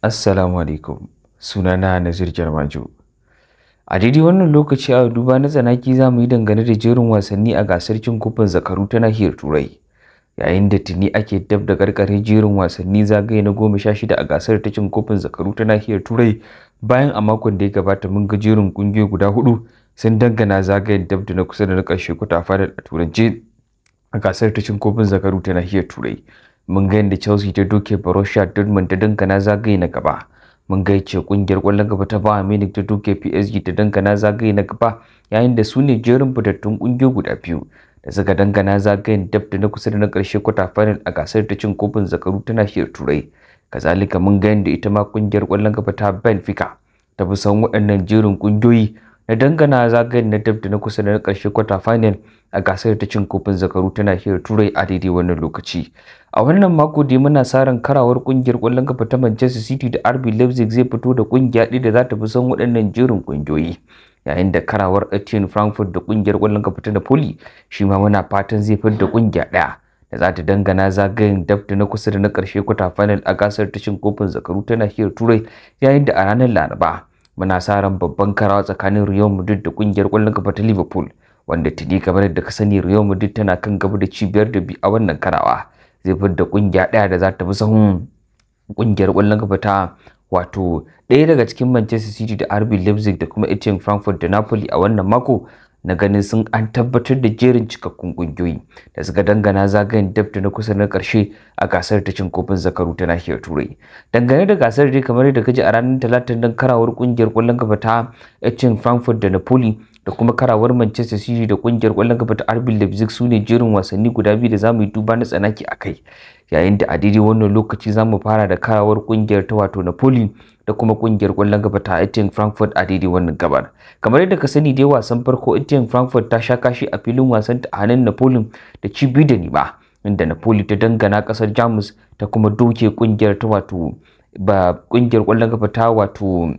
Assalamu alaikum na Nazir Jarmaju A daidai wannan lokaci a duba na tsanaki za mu yi dangane da jerin wasanni a gasar cin kofin zakaru ta nahiyar Turai. Yayin da tuni ake dab da karkare jerin wasanni zagaye na goma sha shida a gasar ta cin kofin zakaru ta nahiyar Turai bayan a makon da ya gabata mun ga jerin kungiyoyi guda hudu sun dangana zagayen dab da na kusa da na karshe kuta fadar a turance a gasar ta cin kofin zakaru ta nahiyar Turai. mun ga yadda chelsea ta doke borussia dortmund ta dinkana zagaye na gaba mun ga yace kungiyar kwallon gaba ta bayern munich ta duke psg ta dinkana zagaye na gaba yayin da su ne jerin fitattun kungiyoyi guda biyu da suka dangana zagayen dab da na kusa da na karshe kwata final a gasar ta cin kofin zakaru tana shirya turai kazalika mun ga yadda ita ma kungiyar kwallon gaba ta benfica ta fi san waɗannan jerin kungiyoyi na dangana zagayen na dab da na kusa da na ƙarshe kwata final a gasar ta cin kofin zakaru ta nahiyar turai a daidai wannan lokaci a wannan mako dai muna sarin karawar kungiyar ƙwallon kafa ta manchester city da rb leipzig zai fito da kungiya ɗaya da za ta fi son waɗannan jerin kungiyoyi yayin da karawar etienne frankfurt da kungiyar ƙwallon kafa ta napoli shi ma muna fatan zai fito da kungiya ɗaya da za ta dangana zagayen dab da na kusa da na ƙarshe kwata final a gasar ta cin kofin zakaru ta nahiyar turai yayin da a ranar laraba muna sa ran babban karawa tsakanin Real Madrid da kungiyar ƙwallon kafa ta Liverpool wanda tuni kamar da ka sani Real Madrid tana kan gaba da cibiyar da bi a wannan karawa zai da kungiya daya da za ta bi sahun kungiyar kwallon kafa ta wato ɗaya daga cikin Manchester City da RB Leipzig da kuma Etienne Frankfurt da Napoli a wannan mako na ganin sun an tabbatar da jerin cikakkun ƙungiyoyi da suka dangana zagayen dab na kusa na karshe a gasar ta cin kofin zakaru ta nahiyar turai dangane da gasar dai kamar yadda kaji a ranar talatin don karawar kungiyar kwallon kafa ta cin frankfurt da napoli da kuma karawar Manchester City da kungiyar kwallon kafa ta RB Leipzig su ne jerin wasanni guda biyu da zamu yi duba na tsanaki a kai yayin da a daidai wannan lokaci zamu fara da karawar kungiyar ta wato Napoli da kuma kungiyar kwallon kafa ta Eintracht Frankfurt a daidai wannan gabar kamar yadda ka sani dai wasan farko Eintracht Frankfurt ta sha kashi a filin wasan ta a hannun Napoli da ci biyu da ni ba inda Napoli ta dangana kasar Jamus ta kuma doke kungiyar ta wato ba kungiyar kwallon kafa ta wato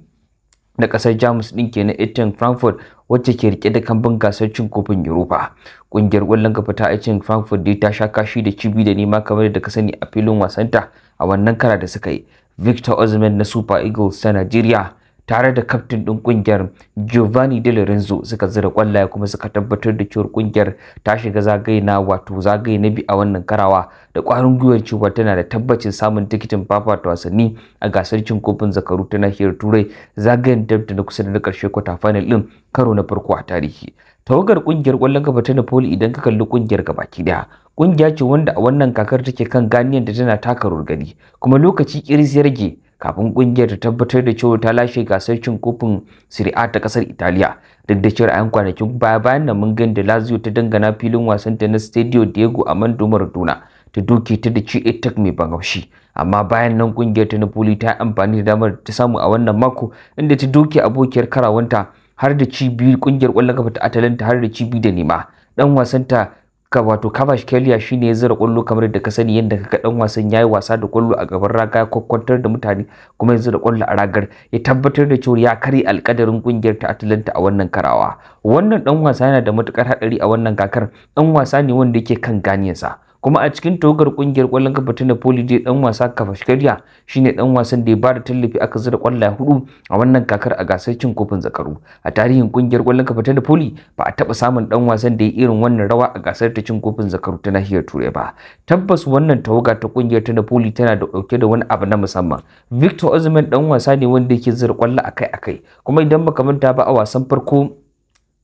na kasar jamus din kenan etin frankfurt wacce ke rike da kambun gasar cin kofin europa ƙungiyar kwallon kafa ta etin frankfurt dai ta sha kashi da cibi da nema kamar da ka sani a filin wasanta a wannan kara da suka yi victor osimhen na super eagles ta nigeria tare da kaftin ɗin ƙungiyar Giovanni De Lorenzo suka zira kwallaye kuma suka tabbatar da cewar ƙungiyar ta shiga zagaye na wato zagaye na biyu a wannan karawa da ƙwarin gwiwar cewa tana da tabbacin samun tikitin fafata wasanni a gasar cin kofin zakaru ta nahiyar Turai zagayen da na kusa da na ƙarshe kwata final ɗin karo na farko a tarihi. Tawagar ƙungiyar ƙwallon gaba ta Napoli idan ka kalli ƙungiyar gabaki daya ƙungiya ce wanda a wannan kakar take kan ganiyar da tana taka rurgani kuma lokaci ƙiris ya rage kafin kungiyar ta tabbatar da cewa ta lashe gasar cin kofin Serie A ta kasar Italiya duk da cewa yan kwanakin baya bayan nan mun gani da Lazio ta dangana filin wasan ta na Stadio Diego Armando Maradona ta doke ta da ci 8-tak mai ban haushi amma bayan nan kungiyar ta Napoli ta amfani da damar ta samu a wannan mako inda ta doke abokiyar karawanta har da ci biyu kungiyar kwallon kafa ta Atalanta har da ci biyu da nema dan wasan ta ka wato Kavash shi shi ya zira kwallo kamar da ka sani yadda kaga dan wasan yayi wasa da kwallo a gaban raga ya kwakwantar da mutane kuma ya zira kwallo a ragar ya tabbatar da cewa ya kare alkadarin kungiyar ta Atlanta a wannan karawa wannan dan wasa yana da matukar hadari a wannan kakar dan wasa ne wanda yake kan ganiyarsa kuma a cikin togar kungiyar kwallon kafa ta Napoli dai dan wasa shikariya shine dan wasan da ya bada tallafi aka zira kwalla hudu a wannan kakar a gasar cin kofin zakaru a tarihin kungiyar kwallon kafa ta Napoli ba a taba samun dan wasan da ya irin wannan rawa a gasar ta cin kofin zakaru ta nahiyar Turai ba tabbas wannan tawaga ta kungiyar ta Napoli tana da dauke da wani abu na musamman Victor Osimhen dan wasa ne wanda yake zira kwallo akai-akai kuma idan baka manta ba a wasan farko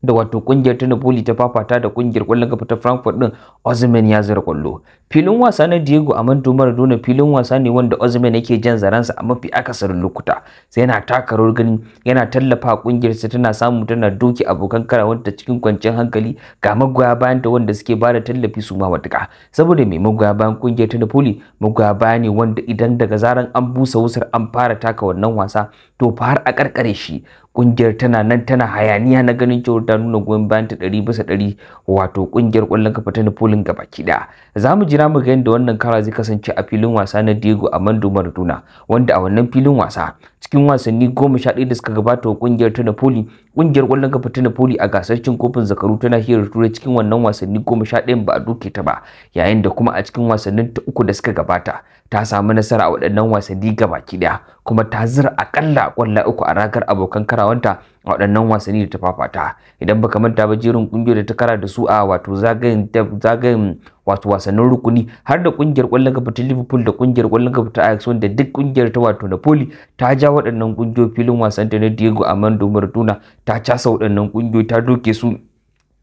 da wato kungiyar ta Napoli ta fafata da kungiyar kwallon kafa ta Frankfurt din Osimhen ya zira kwallo filin wasa na Diego Armando Maradona filin wasa ne wanda Osimhen yake jan zaransa a mafi akasarin lokuta sai yana taka rawar gani yana tallafa kungiyarsa tana samu tana doki abokan karawanta cikin kwanciyar hankali ga magoya bayan ta wanda suke bada tallafi su ma wadaka saboda mai magoya bayan kungiyar ta Napoli magoya baya ne wanda idan daga zaran an busa wusar an fara taka wannan wasa to fa har a karkare shi kungiyar tana nan tana hayaniya na ganin cewa ta nuna goyon bayan ta 100 bisa 100 wato kungiyar kwallon kafa ta Napoli gaba ki ɗaya. za je jira mu ga yadda wannan kara zai kasance a filin wasa na Diego Armando Maradona wanda a wannan filin wasa cikin wasanni goma sha ɗaya da suka gabata wa kungiyar ta Napoli kungiyar ƙwallon kafa ta Napoli a gasar cin kofin zakaru ta nahiyar Turai cikin wannan wasanni goma sha ɗaya ba a duke ta ba yayin da kuma a cikin wasannin ta uku da suka gabata ta samu nasara a waɗannan wasanni gabaki daya kuma ta zira akalla kwalla uku a ragar abokan karawanta a waɗannan wasanni da ta fafata idan baka manta ba jerin kungiyoyi da ta kara da su a wato zagayen zagayen wato wasannin rukuni har da kungiyar kwallon gaba ta Liverpool da kungiyar kwallon gaba ta Ajax wanda duk kungiyar ta wato Napoli ta ja waɗannan kungiyoyi filin wasan ta na Diego Armando Maradona ta casa waɗannan kungiyoyi ta doke su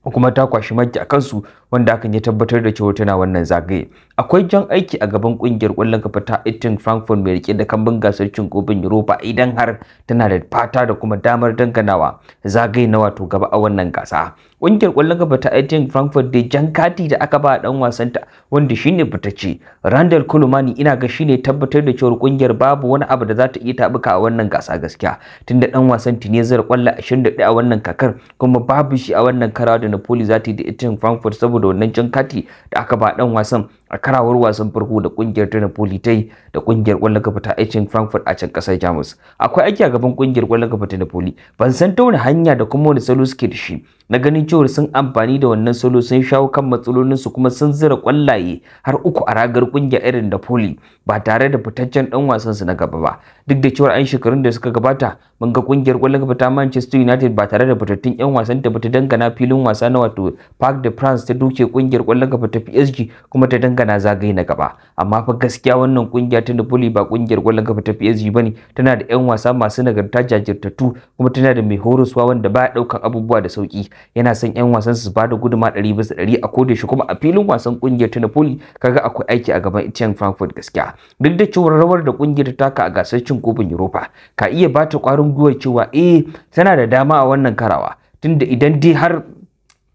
kuma ta kwashi maki a kansu wanda hakan ya tabbatar da cewa tana wannan zagaye akwai jan aiki a gaban kungiyar kwallon kafa ta Eton Frankfurt mai rike da kambin gasar cin kofin Europa idan har tana da fata da kuma damar danganawa zagaye na wato gaba a wannan gasa kungiyar kwallon kafa ta Eton Frankfurt da jan kati da aka ba dan wasan ta wanda shine fitacce Randall Kulumani ina ga shine tabbatar da cewa kungiyar babu wani abu da za ta iya tabuka a wannan gasa gaskiya tunda dan wasan zai kwalla 21 a wannan kakar kuma babu shi a wannan karawa da Napoli za ta yi da Eton Frankfurt saboda saboda wannan jan kati da aka ba dan wasan a karawar wasan farko da kungiyar ta Napoli ta yi da kungiyar kwallon kafa ta Eintracht Frankfurt a can kasar Jamus akwai aiki a gaban kungiyar kwallon kafa ta Napoli ban san ta wani hanya da kuma wani salo suke da shi na ganin cewa sun amfani da wannan salo sun shawo kan matsalolin su kuma sun zira kwallaye har uku a ragar kungiyar irin Napoli ba tare da fitaccen dan wasan su na gaba ba duk da cewa an shekarun da suka gabata mun ga kungiyar kwallon kafa ta Manchester United ba tare da fitattun yan wasan ta ba ta dangana filin wasa na wato Parc de France ta duke kungiyar kwallon kafa ta PSG kuma ta dangana magana zagaye na gaba amma fa gaskiya wannan kungiya ta Napoli ba kungiyar gwallon kafa ta PSG bane tana da ƴan wasa masu nagarta jajirtattu kuma tana da mai horoswa wanda baya daukan abubuwa da sauki yana son ƴan wasan su bada guduma 100 bisa 100 a koda shi kuma a filin wasan kungiyar ta Napoli kaga akwai aiki a gaban Etienne Frankfurt gaskiya duk da cewa rawar da kungiyar ta taka a gasar cin kofin Europa ka iya bata kwarin gwiwa cewa eh tana da dama a wannan karawa tunda idan dai har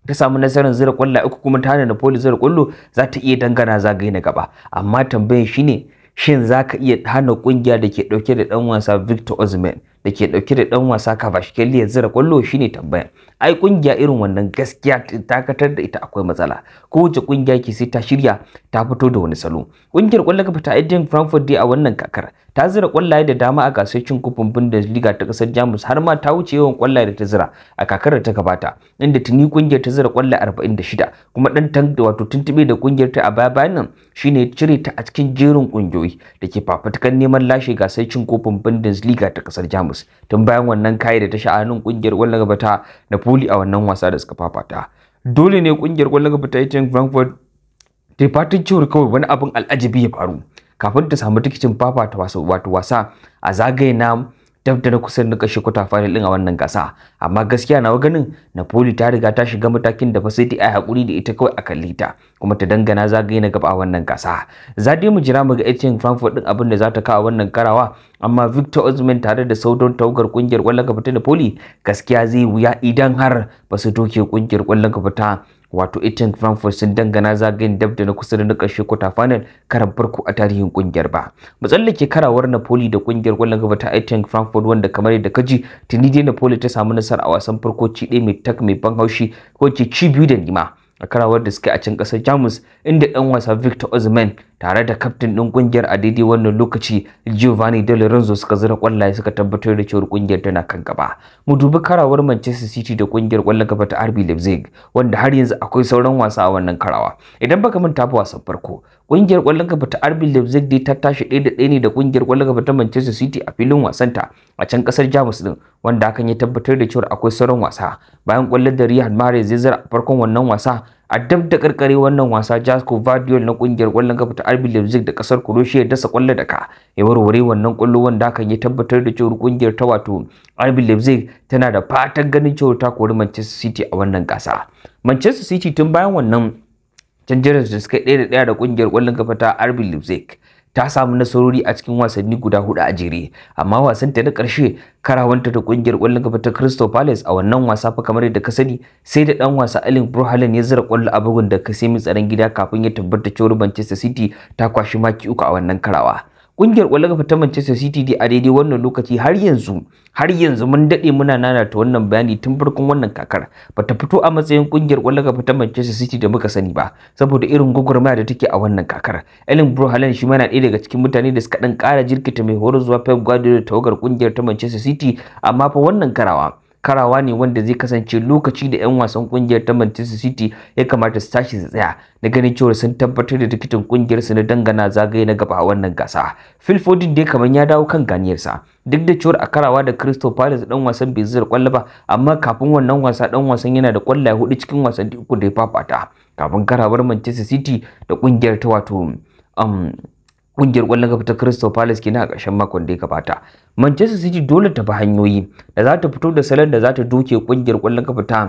ta samu nasarar zira kwalla uku kuma ta hana Napoli zira kwallo za ta iya dangana zagaye na gaba amma tambayan shine shin za ka iya hana kungiya da ke dauke da dan wasa Victor Osimhen da ke dauke da dan wasa Kvaratskhelia zira kwallo shine tambaya. ai kungiya irin wannan gaskiya ta takatar da ita akwai matsala Ko kowace kungiya ke sai ta shirya ta fito da wani salo kungiyar kwallo kafa ta Eintracht Frankfurt dai a wannan kakar ta zira kwallaye da dama a gasar cin kofin Bundesliga ta kasar Jamus har ma ta wuce yawan kwallaye da ta zira a kakar da ta gabata inda tuni kungiyar ta zira kwallaye 46 kuma dan tank da wato tuntube da kungiyar ta a baya bayan nan shine cire ta a cikin jerin kungiyoyi da ke fafutukan neman lashe gasar cin kofin Bundesliga ta kasar Jamus tun bayan wannan kai da ta sha hannun kungiyar kwallon gaba ta Napoli a wannan wasa da suka fafata dole ne kungiyar kwallon gaba ta Frankfurt ta fatan cewa kawai wani abin al'ajabi ya faru kafin ta samu tikitin ta wasa wato wasa a zagaye na dab na kusan na kashe kwata final din a wannan kasa, amma gaskiya nawa ganin Napoli ta riga ta shiga matakin da fasiti a ta hakuri da ita kawai a kalli ta kuma ta dangana zagaye na gaba a wannan kasa. za dai mu jira mu ga Etienne Frankfurt din abin da za ta kawo wannan karawa amma Victor Osimhen tare da saudon tawagar kungiyar kwallon gaba ta Napoli gaskiya zai wuya idan har ba su doke kungiyar kwallon gaba ta wato itin Frankfurt sun dangana zagayen dab da na kusa da na ƙarshe kwata final karan farko a tarihin ƙungiyar ba. Matsallake karawar Napoli da ƙungiyar kwallon gaba ta Eton Frankfurt wanda kamar yadda kaji tuni dai Napoli ta samu nasara a wasan farko ci ɗaya mai tak mai ban haushi ko ci biyu da nima. a karawar da suke a can kasar jamus inda ɗan wasa victor osimhen tare da kaftin ɗin ƙungiyar a daidai wannan lokaci Giovanni de Lorenzo suka zira ƙwallaye suka tabbatar da cewar ƙungiyar tana kan gaba. Mu dubi karawar Manchester City da ƙungiyar ƙwallon gaba ta RB Leipzig wanda har yanzu akwai sauran wasa a wannan karawa. Idan baka manta ba wasan farko, ƙungiyar ƙwallon gaba ta RB Leipzig dai ta tashi ɗaya da ɗaya ne da ƙungiyar ƙwallon gaba ta Manchester City a filin wasan ta a can ƙasar Jamus din wanda hakan ya tabbatar da cewar akwai sauran wasa. Bayan ƙwallon da Riyad Mahrez ya zira a farkon wannan wasa a dab da karkare wannan wasa Jasko Vadiol na kungiyar kwallon kafa ta RB Leipzig da kasar Croatia ya dasa kwallo daka ya warware wannan kwallo wanda hakan ya tabbatar da cewa kungiyar ta wato RB Leipzig tana da fatan ganin cewa ta kori Manchester City a wannan gasa Manchester City tun bayan wannan canjarar da suka ɗaya da ɗaya da kungiyar kwallon kafa ta RB Leipzig ta samu nasarori a cikin wasanni guda hudu a jere amma wasan ta na karshe karawanta da kungiyar kwallon gaba ta Crystal Palace a wannan wasa fa kamar yadda ka sani sai da dan wasa alin brohalen ya zira kwallo a bugun da ka sai mi tsaron gida kafin ya tabbata cewa Manchester City ta kwashi maki uku a wannan karawa kungiyar kwallon kafa ta Manchester City dai a daidai wannan lokaci har yanzu har yanzu mun dade muna nana ta wannan bayani tun farkon wannan kakar bata fito a matsayin kungiyar ƙwallon kafa ta Manchester City da muka sani ba saboda irin gwagwarmaya da take a wannan kakar Erling Bro Haaland shi ma na ɗaya daga cikin mutane da suka dan ƙara jirkita mai horo zuwa Pep Guardiola ta tawagar kungiyar ta Manchester City amma fa wannan karawa karawa ne wanda zai kasance lokaci da 'yan wasan kungiyar ta Manchester City ya kamata su tashi su tsaya na ganin cewa sun tabbatar da tikitin kungiyar su na dangana zagaye na gaba a wannan gasa. Phil Foden dai kamar ya dawo kan ganiyarsa duk da cewa a karawa da Crystal Palace dan wasan bai zira kwallo ba amma kafin wannan wasa dan wasan yana da kwallaye hudu cikin wasan uku da ya fafata kafin karawar Manchester City da kungiyar ta wato um, kungiyar kwallon gaba ta Crystal Palace kenan a ƙarshen makon da ya gabata. Manchester City dole ta bi hanyoyi da za ta fito da salon da za ta doke kungiyar kwallon kafa ta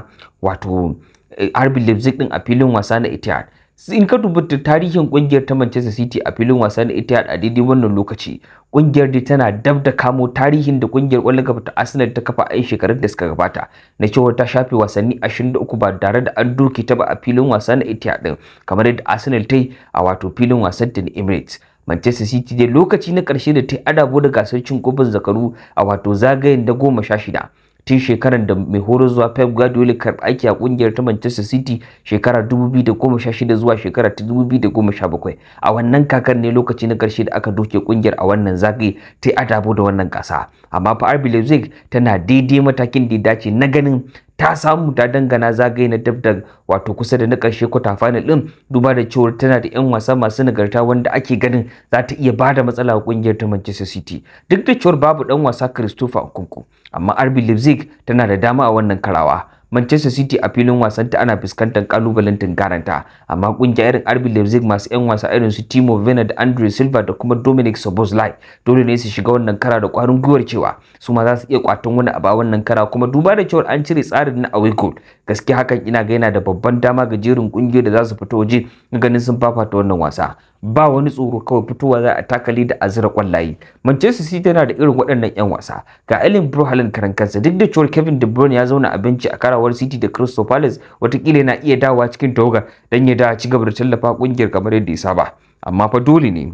wato eh, RB Leipzig din a filin wasa na Etihad. In ka dubi tarihin kungiyar ta Manchester City a filin wasa na Etihad a daidai wannan lokaci, kungiyar dai tana dab da kamo tarihin da kungiyar kwallon kafa ta Arsenal ta kafa a yin shekarun da suka gabata. Na cewa ta shafe wasanni 23 ba tare da an doke ta ba a filin wasa na Etihad din, kamar yadda Arsenal ta yi a wato filin wasan ta na Emirates. Manchester City dai lokaci na ƙarshe da ta yi adabo da gasar cin kofin zakaru a wato zagayen da goma sha shida tun shekarar da mai horo zuwa Pep Guardiola karɓi aiki a ƙungiyar ta Manchester City shekara 2016 zuwa shekara 2017 a wannan kakar ne lokaci na ƙarshe da aka doke ƙungiyar a wannan zagaye ta adabo da wannan gasa amma fa RB Leipzig tana daidai matakin da ya dace na ganin ta samu ta dangana zagaye na dab wato kusa da na ƙarshe kwata final din duba da cewa tana da 'yan wasa masu nagarta wanda ake ganin za ta iya bada matsala wa ƙungiyar ta Manchester City duk da cewa babu ɗan wasa Christopher Nkunku amma RB Leipzig tana da dama a wannan karawa Manchester City a filin wasanta ana fuskantar kalubalen tunkaranta amma kungiya irin RB Leipzig masu 'yan wasa irin su Timo Werner da Andre Silva da kuma Dominic Szoboszlai dole ne su shiga wannan kara da kwarin gwiwar cewa su ma za su iya kwaton wani a wannan kara kuma duba da cewa an cire tsarin na away goal gaskiya hakan ina ga yana da babban dama ga jerin kungiyoyi da za su fito waje ganin sun fafata wannan wasa ba wani tsoro kawai fitowa za a takali da azira kwallaye Manchester City tana da irin waɗannan 'yan wasa ga Erling Haaland karan kansa duk da cewar Kevin De Bruyne ya zauna a benci a karawar City da Crystal Palace watakila yana iya dawowa cikin tawagar dan ya dawo ci gaba da tallafa kungiyar kamar yadda ya saba amma fa dole ne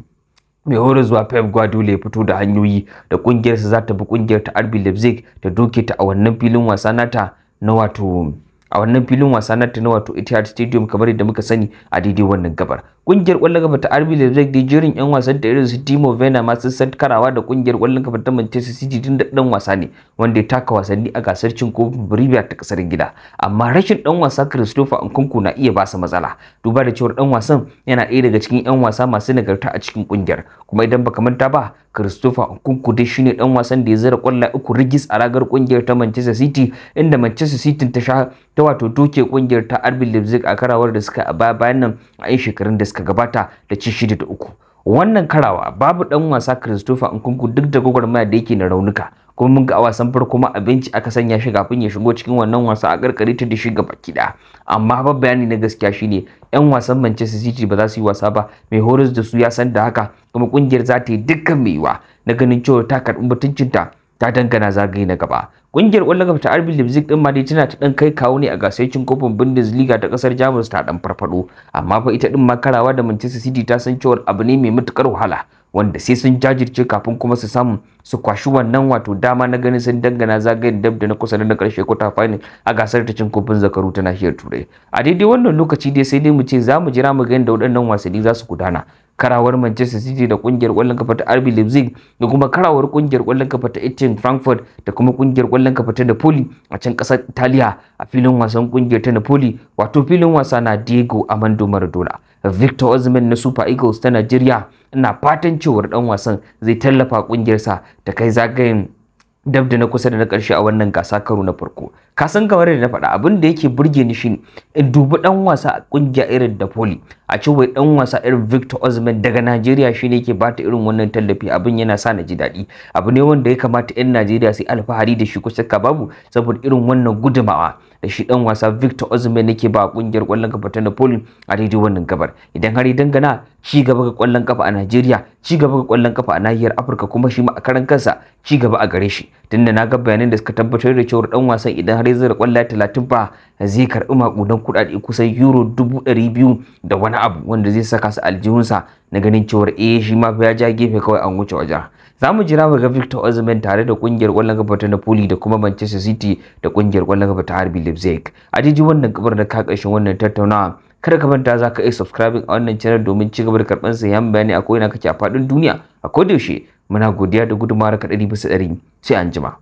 mai hore zuwa Pep Guardiola ya fito da hanyoyi da kungiyarsa za ta bi kungiyar ta RB Leipzig ta doke ta a wannan filin wasa nata na wato a wannan filin wasa na ta na wato Etihad Stadium kamar yadda muka sani a daidai wannan gabar Kungiyar kwallon kafa ta RB Leipzig da jerin 'yan wasan da irin su Timo Werner ma sun san karawa da kungiyar ƙwallon kafa ta Manchester City tun da dan wasa ne wanda ya taka wasanni a gasar cin kofin Premier ta kasar gida. Amma rashin dan wasa Christopher Nkunku na iya ba su matsala. Duba da cewar dan wasan yana ɗaya daga cikin 'yan wasa masu nagarta a cikin kungiyar. Kuma idan baka manta ba, Christopher Nkunku dai shine dan wasan da ya zira kwallon uku rigis a ragar kungiyar ta Manchester City inda Manchester City ta sha ta wato doke kungiyar ta RB Leipzig a karawar da suka a bayan nan a shekarun da suka gabata da ci shida da uku wannan karawa babu dan wasa Christopher Nkunku duk da gwagwarmaya da yake na raunuka kuma mun ga a wasan farko ma abinci aka sanya shi kafin ya shigo cikin wannan wasa a karkare ta da shi baki da amma ba bayani na gaskiya shine yan wasan Manchester City ba za su yi wasa ba mai horis da su ya san da haka kuma kungiyar za ta yi dukkan mai yiwa na ganin cewa ta karbi mutuncinta ta dangana zagaye na gaba Ƙungiyar ƙwallon kafa ta RB Leipzig din ma dai tana ta ɗan kai kawo ne a gasar cin kofin Bundesliga ta kasar Jamus ta dan farfado amma fa ita din ma karawa da Manchester City ta san cewa abu ne mai matukar wahala wanda sai sun jajirce kafin kuma su samu su kwashi wannan wato dama na ganin sun dangana zagayen dab da na kusa da na karshe kwata final a gasar ta cin kofin zakaru ta nahiyar turai a daidai wannan lokaci dai sai dai mu ce za mu jira mu ga yadda waɗannan wasanni za su gudana karawar Manchester City da kungiyar kwallon kafa ta RB Leipzig da kuma karawar kungiyar kwallon kafa ta Eintracht Frankfurt da kuma kungiyar kwallon kafa ta Napoli a can kasar Italiya a filin wasan kungiyar ta Napoli wato filin wasa na Diego Armando Maradona Victor Osimhen na Super Eagles ta Nigeria ina fatan cewar dan wasan zai tallafa kungiyarsa ta kai zagayen dab da na kusa da na ƙarshe a wannan gasa karo na farko ka san kamar da na faɗa abin da yake burge ni shi in dubi dan wasa a kungiya irin da poli a ce wai dan wasa irin Victor Osimhen daga Najeriya shi ne yake bata irin wannan tallafi abin yana sa na ji daɗi abu ne wanda ya kamata 'yan Najeriya su alfahari da shi kusa shakka babu saboda irin wannan gudumawa da shi dan wasa Victor Osimhen yake ba kungiyar kwallon kafa ta Napoli a daidai wannan gabar idan har ya dangana ci gaba ga kwallon kafa a Najeriya ci gaba ga ƙwallon kafa a nahiyar Afirka kuma shi ma a karan kansa ci gaba a gare shi tunda na ga bayanan da suka tabbatar da cewa dan wasan idan har zai kwalla 30 ba zai karbi makudan kudade kusan euro 200 da wani abu wanda zai saka su aljihunsa na ganin cewa eh shi ma ya ja gefe kawai an wuce waje. za mu jira mu ga Victor Osimhen tare da kungiyar kwallon kafa ta Napoli da kuma Manchester City da kungiyar kwallon kafa ta RB Leipzig a jiji wannan kabar da ka kashin wannan tattaunawa kada ka manta za ka iya subscribing a wannan channel domin ci gaba da karɓar sayan bayani a ko'ina kake a fadin duniya a kodayaushe muna godiya da gudunmawar ka ɗari bisa ɗari sai anjima.